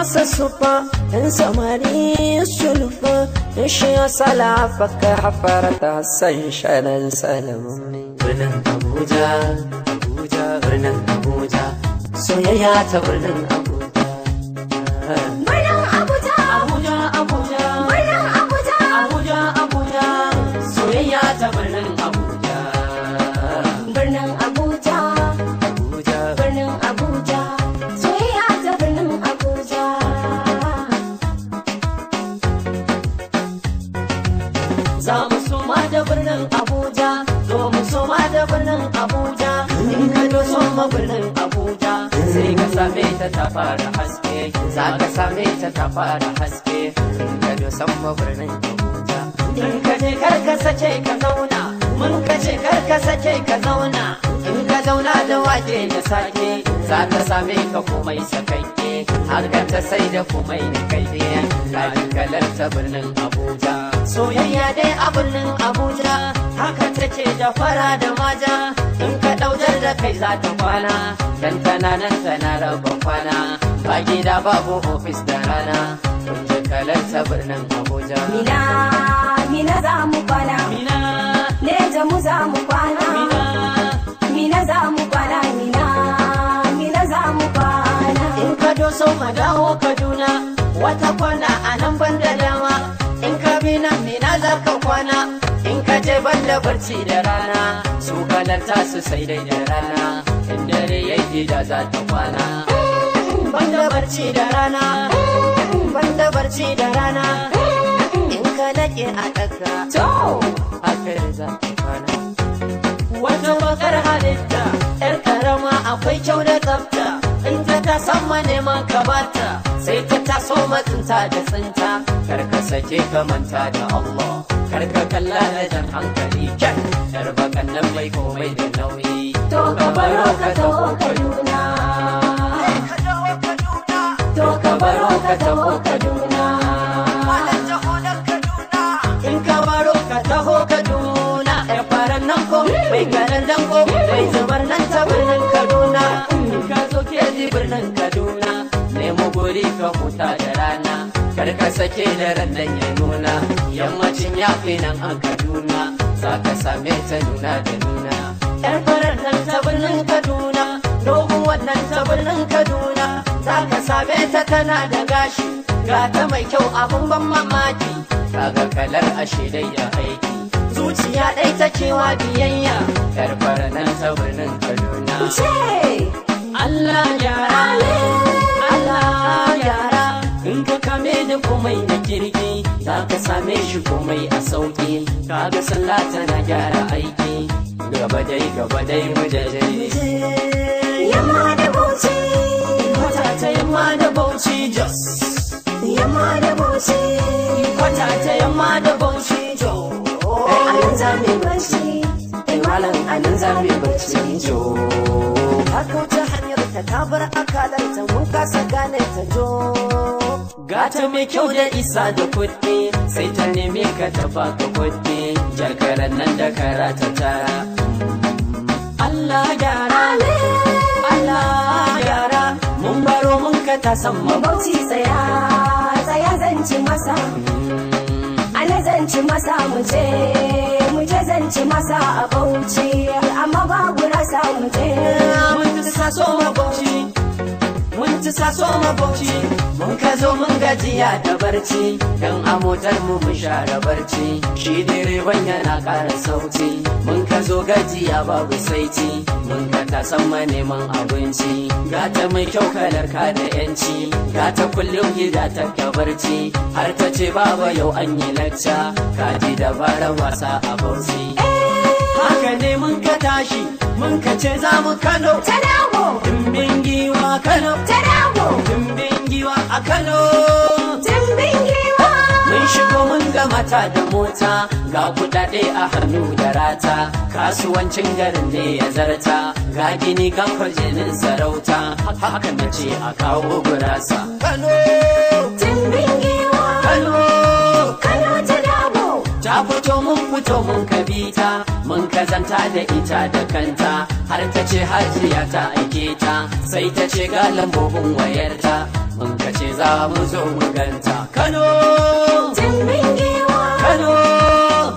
masa sufa in samari sulfa in shi asala faka hafarta san sharan salamin birnin abuja abuja birnin abuja soyayya ta birnin abuja birnin Abuja in ka doso birnin Abuja sai ka same ta ta fara haske za ka same ta ta fara haske in ka doso birnin Abuja in ka je kar ka sace ka zauna mun ka ce kar ka sace ka zauna in ka zauna da wake da sake za ka same ka komai sakai har ta sai da kumai ne kai ɗaya kalar ta birnin abuja soyayya dai a birnin abuja haka ce da fara da maja in ka ɗaujar da kai za ta kwana dan tana nan tana rabon kwana ba gida babu ofis da rana kun ji ta birnin abuja mina mina za mu kwana mina ne mu za mu kwana mina mina za mu so ka dawo kaduna wata kwana a nan ban da dama in ka bi nan na za ka kwana in ka je ban da barci da rana su kalarta su sai dai da rana in dare ya gida za ta kwana ban da barci da rana ban da barci da rana in ka nake a ɗaga to haka za ta kwana wata bakar halitta 'yar karama akwai kyau da tsafta ta sama neman ka bata sai ta taso matsinta da tsinta kar ka sake ka manta da Allah kar ka kalla da jan hankali kyan yar bakan nan bai komai da nauyi to ka baro ka taho ka nuna to ka baro ka taho ka nuna in ka baro ka taho ka nuna yar faran nan ko bai garan ko bai zama ta da rana kar ka sake na ran ya nuna yammacin ya nan a kaduna za ka same ta nuna da nuna yar farar nan ta kaduna dogon wannan ta kaduna za ka same ta tana da gashi ga ta mai kyau abun ban mamaki kaga kalar ashe dai da aiki zuciya dai ta kewa biyayya yar farar nan ta birnin kaduna Allah ya Allah ya in ka kame da komai na kirki za ka same shi komai a sauƙi, ka ga sallah tana gyara aiki gaba dai gaba dai mujajai yamma da bauchi kwata ta yamma da bauchi jos yamma da bauchi kwata ta yamma da bauchi jo anan za mu bauchi ai malam nan za mu barci jo haka ta ta bar akalar ta mun kasa gane ta jo gata mai kyau da isa da kuɗi sai ta neme ka ta baka kuɗi jakaran nan da karata ta Allah gyara Allah gyara mun baro mun ka ta san mabauci tsaya tsaya zanci masa mm. ana zanci masa mu je zance zan ci masa a bauchi amma babu rasa in je. Mun bauchi. abinci ma mabauci mun ka zo mun gajiya da barci dan a motar mu mun share barci shi direban yana kara sauti mun ka zo gajiya babu saiti mun ka san ma neman abinci ta mai kyau kalar ka da yanci gata kullum gida ta barci har ta ce baba yau an yi lacca ka ji dabarar wasa a bauchi eh. haka ne mun ka tashi mun ka ce za mu kano ta dawo giwa kano Kano. Dimbin giwa. Mun shigo mun ga mata da mota ga kudade a hannu da rata kasuwancin garin ne ya zarta ga gini ga kwarjinin sarauta haka na ce a kawo gurasa. Kano. Dimbin giwa. Kano. Kano ta dabo. Ta fito mun fito mun kabita mun kazanta da ita da kanta har ta ce hajiya ta aike ta sai ta ce ga lambobin wayarta za mu zo mu ganta Kano Tilmin giwa Kano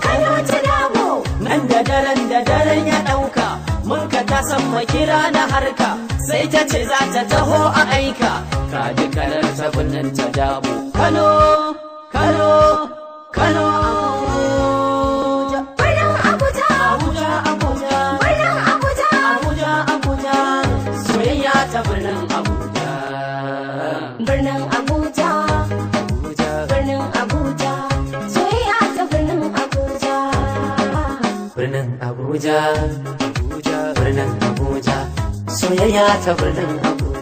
Kano tunamo Nan da daren da daren ya ɗauka Mun ka ta san makira na harka Sai ta ce za ta taho a aika Ka ji kalar ta ta dabo Kano Kano Kano birnin Abuja, birnin Abuja, soyayya ta birnin Abuja.